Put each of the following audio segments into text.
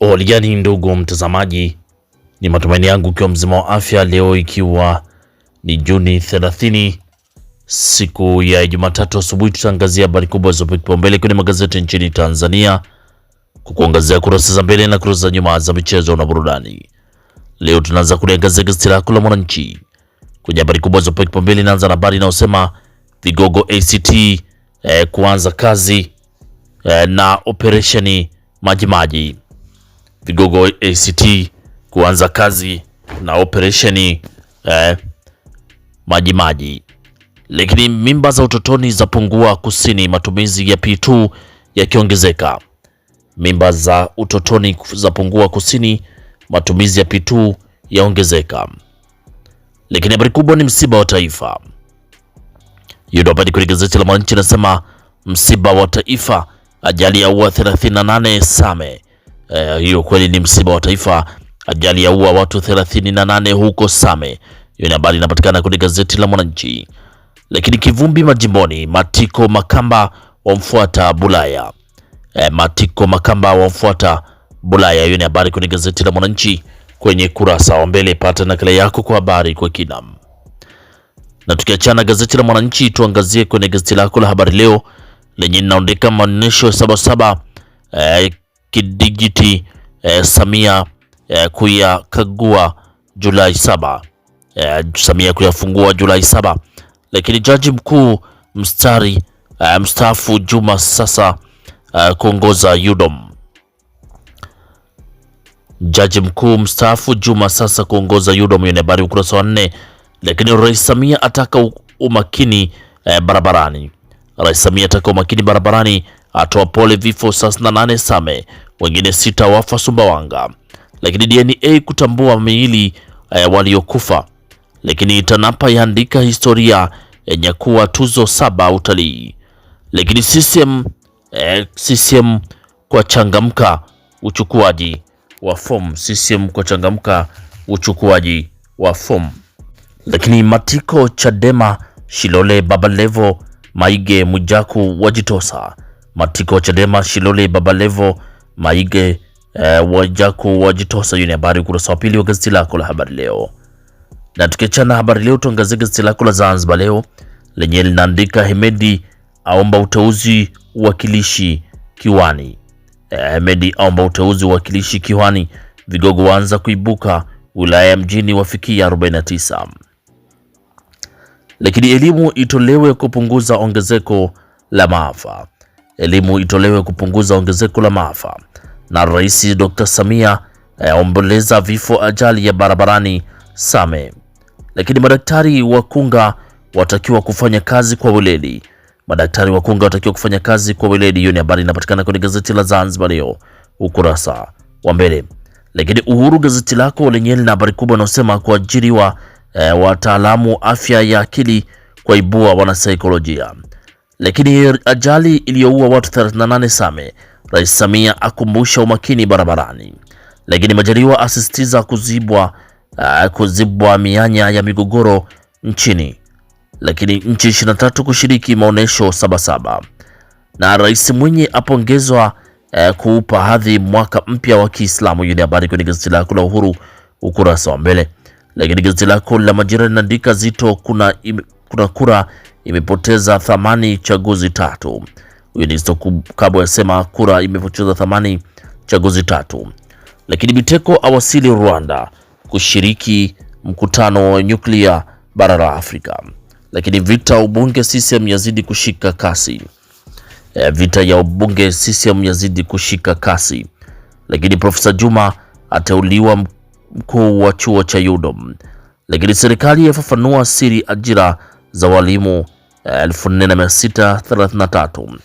Uhaligani ndugu mtazamaji, ni matumaini yangu ukiwa mzima wa afya leo, ikiwa ni Juni 30 siku ya Jumatatu asubuhi, tutaangazia habari kubwa zilizopewa kipaumbele kwenye magazeti nchini Tanzania, kukuangazia kurasa za mbele na kurasa za nyuma za michezo na burudani. Leo tunaanza kuliangazia gazeti lako la Mwananchi kwenye habari kubwa zilizopewa kipaumbele. Inaanza na habari inayosema vigogo ACT eh, kuanza kazi eh, na operesheni Majimaji vigogo ACT kuanza kazi na operesheni eh, maji maji. Lakini mimba za utotoni zapungua kusini, matumizi ya P2 yakiongezeka. Mimba za utotoni zapungua kusini, matumizi ya P2 yaongezeka. Lakini habari kubwa ni msiba wa taifa. Hiyo ndio kwenye gazeti la Mwananchi, inasema msiba wa taifa, ajali ya ua 38 Same Eh, hiyo eh, kweli ni msiba wa taifa. Ajali ya ua watu 38 huko Same. Hiyo ni habari inapatikana kwenye gazeti la Mwananchi. Lakini kivumbi majimboni, Matiko Makamba wamfuata Bulaya. Eh, Matiko Makamba wamfuata Bulaya. Hiyo ni habari kwenye gazeti la Mwananchi kwenye kurasa wa mbele. Pata nakala yako kwa habari kwa kina. Na tukiachana gazeti la Mwananchi, tuangazie kwenye gazeti lako la Habari Leo lenye linaandika maonesho sabasaba eh, kidijiti e, eh, Samia eh, kuyakagua Julai saba e, Samia kuyafungua Julai saba. Lakini jaji mkuu mstari e, mstaafu Juma sasa e, kuongoza Yudom. Jaji mkuu mstaafu Juma sasa kuongoza Yudom, yenye habari ukurasa wa nne. Lakini Rais Samia ataka umakini e, barabarani. Rais Samia ataka umakini barabarani atoa pole vifo 38 Same, wengine sita wafa Sumbawanga. Lakini DNA kutambua miili eh, waliokufa. Lakini TANAPA yaandika historia yenye kuwa tuzo saba utalii. Lakini CCM eh, CCM kwa changamka uchukuaji wa fomu. CCM kwa changamka uchukuaji wa fomu. Lakini Matiko, Chadema, Shilole, Babalevo, Maige, Mujaku wajitosa Matiko wa Chadema, Shilole Babalevo, Maige eh, Wajaku wajitosa. Hiyo ni habari ukurasa wa pili wa gazeti lako la habari leo. Na tukiachana habari leo, tuangazie gazeti lako la Zanzibar leo lenye linaandika Hemedi aomba uteuzi uwakilishi kiwani. Eh, Hemedi aomba uteuzi uwakilishi kiwani. Vigogo waanza kuibuka wilaya mjini wafikia 49. Lakini elimu itolewe kupunguza ongezeko la maafa elimu itolewe kupunguza ongezeko la maafa. Na Rais Dr. Samia eh, aomboleza vifo ajali ya barabarani Same. Lakini madaktari wakunga watakiwa kufanya kazi kwa weledi. Madaktari wakunga watakiwa kufanya kazi kwa weledi. Hiyo ni habari inapatikana kwenye gazeti la Zanzibar Leo ukurasa wa mbele. Lakini Uhuru gazeti lako lenye lina habari kubwa inayosema kuajiriwa e, wataalamu afya ya akili ibua wanasaikolojia lakini ajali iliyoua watu 38 Same, Rais Samia akumbusha umakini barabarani. Lakini Majaliwa asisitiza kuzibwa, uh, kuzibwa mianya ya migogoro nchini. Lakini nchi 23 kushiriki maonesho Sabasaba na Rais Mwinyi apongezwa uh, kuupa hadhi mwaka mpya wa Kiislamu. Hiyo ni habari kwenye gazeti lako la Uhuru ukurasa wa mbele. Lakini gazeti lako la Majira linaandika Zito kuna, kuna kura imepoteza thamani chaguzi tatu. Winston Kabwe asema kura imepoteza thamani chaguzi tatu. Lakini Biteko awasili Rwanda kushiriki mkutano wa nyuklia bara la Afrika. Lakini vita ubunge CCM yazidi kushika kasi. E, vita ya ubunge CCM yazidi kushika kasi. Lakini Profesa Juma ateuliwa mkuu wa chuo cha UDOM. Lakini serikali yafafanua siri ajira za walimu 4633.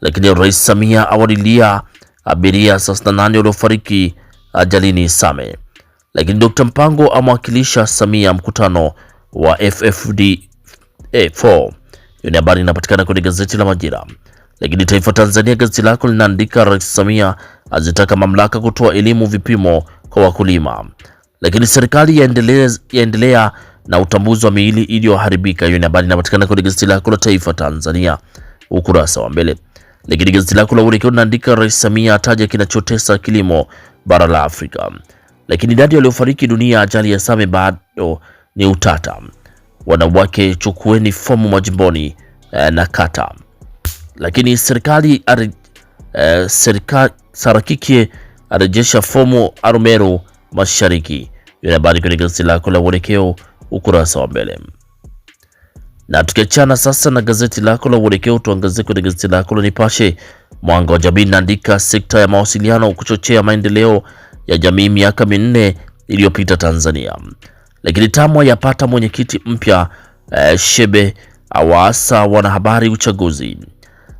Lakini Rais Samia awadilia abiria 68 waliofariki ajalini Same. Lakini Dr. Mpango amwakilisha Samia mkutano wa FFD4. Hiyo ni habari inapatikana kwenye gazeti la Majira. Lakini Taifa Tanzania gazeti lako linaandika Rais Samia azitaka mamlaka kutoa elimu vipimo kwa wakulima. Lakini serikali yaendelea, yaendelea na utambuzi wa miili iliyoharibika. Hiyo ni habari inapatikana kwenye gazeti lako la Taifa Tanzania ukurasa wa mbele. Lakini gazeti lako la Uelekeo linaandika Rais Samia ataja kinachotesa kilimo bara la Afrika. Lakini idadi waliofariki dunia ajali ya Same bado ni utata. Wanawake chukueni fomu majimboni eh, na kata. Lakini serikali ari, eh, serika, sarakiki arejesha fomu Arumeru Mashariki. Hiyo habari kwenye gazeti lako la Uelekeo ukurasa wa mbele. Na tukiachana sasa na gazeti lako la Uelekeo, tuangazie kwenye gazeti lako la Nipashe Mwanga wa Jamii linaandika sekta ya mawasiliano kuchochea maendeleo ya jamii miaka minne iliyopita Tanzania. Lakini TAMWA yapata mwenyekiti mpya eh, Shebe awaasa wanahabari uchaguzi.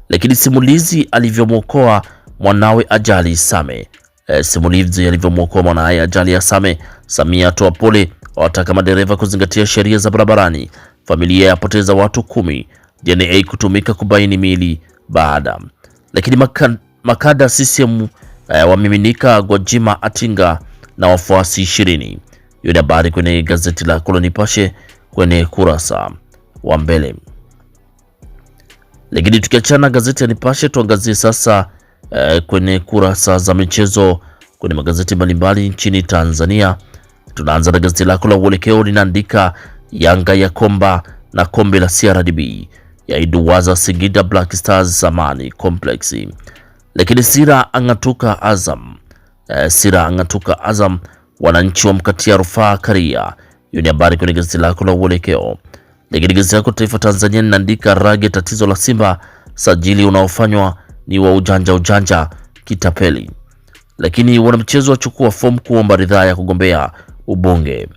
Lakini simulizi alivyomwokoa mwanawe ajali Same, eh, simulizi alivyomwokoa mwanawe ajali ya Same. Samia atoa pole wataka madereva kuzingatia sheria za barabarani. Familia yapoteza watu kumi, DNA kutumika kubaini mili baada. Lakini makada CCM eh, wamiminika Gwajima Atinga na wafuasi ishirini. Hiyo ni habari kwenye gazeti la Koloni Nipashe kwenye kurasa wa mbele. Lakini tukiachana gazeti ya Nipashe, tuangazie sasa eh, kwenye kurasa za michezo kwenye magazeti mbalimbali nchini Tanzania. Tunaanza na gazeti lako la Uelekeo linaandika Yanga ya komba na kombe la CRDB yaiduwaza Singida Black Stars zamani complex, lakini Sira ang'atuka Azam. E, Sira ang'atuka Azam, wananchi wa mkatia rufaa Karia. Hiyo ni habari kwenye gazeti lako la Uelekeo. Lakini gazeti lako Taifa Tanzania linaandika rage tatizo la Simba, sajili unaofanywa ni wa ujanja ujanja kitapeli. Lakini wanamchezo wachukua fomu kuomba ridhaa ya kugombea ubunge.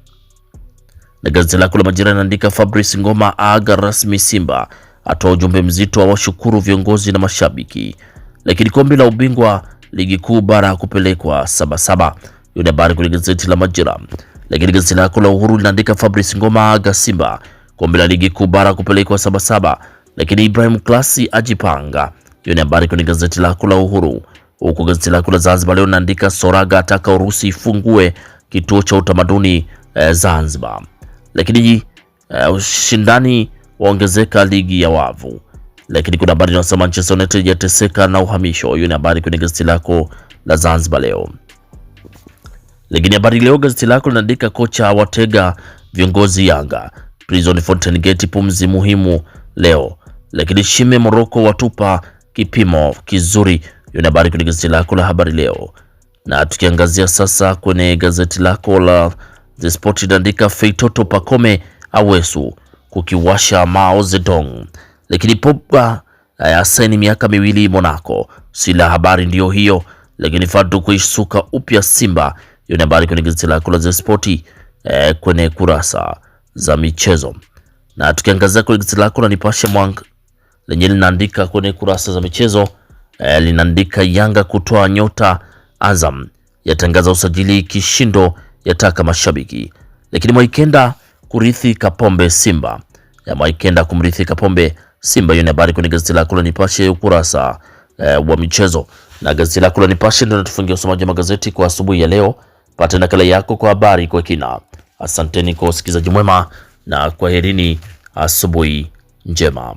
Na gazeti lako la Majira linaandika Fabrice Ngoma aaga rasmi Simba, atoa ujumbe mzito wa washukuru viongozi na mashabiki. Lakini kombe la ubingwa ligi kuu bara kupelekwa Sabasaba. Hiyo ni habari kwenye gazeti la Majira. Lakini gazeti lako la Uhuru linaandika Fabrice Ngoma aaga Simba, kombe la ligi kuu bara kupelekwa Sabasaba. Lakini Ibrahim Klasi ajipanga. Hiyo ni habari kwenye gazeti lako la Uhuru. Huku gazeti lako la Zanzibar leo linaandika Soraga ataka Urusi ifungue kituo cha utamaduni eh, Zanzibar. Lakini eh, ushindani waongezeka ligi ya wavu. Lakini kuna habari inasema Manchester United yateseka na uhamisho. Hiyo ni habari kwenye gazeti lako la Zanzibar leo. Lakini habari leo gazeti lako linaandika kocha watega viongozi Yanga, Prison Fountain Gate pumzi muhimu leo. Lakini Shime Morocco watupa kipimo kizuri. Hiyo ni habari kwenye gazeti lako la habari leo. Na tukiangazia sasa kwenye gazeti lako la The Sport inaandika Feitoto Pakome awesu kukiwasha Mao Zedong, lakini Pogba eh, asaini miaka miwili Monaco. Sila habari ndiyo hiyo, lakini Fadu kuisuka upya Simba. Hiyo ni habari kwenye gazeti lako la The Sport eh, kwenye kurasa za michezo. Na tukiangazia kwenye gazeti lako la Nipashe Mwanga lenye linaandika kwenye kurasa za michezo eh, linaandika Yanga kutoa nyota Azam yatangaza usajili kishindo, yataka mashabiki. Lakini Mwaikenda kurithi Kapombe Simba ya Mwaikenda kumrithi Kapombe Simba. Hiyo ni habari kwenye gazeti lako la Nipashe ukurasa e, wa michezo na gazeti lako la Nipashe ndio natufungia usomaji wa magazeti kwa asubuhi ya leo. Pata nakala yako kwa habari kwa kina. Asanteni kwa usikilizaji mwema na kwaherini, asubuhi njema.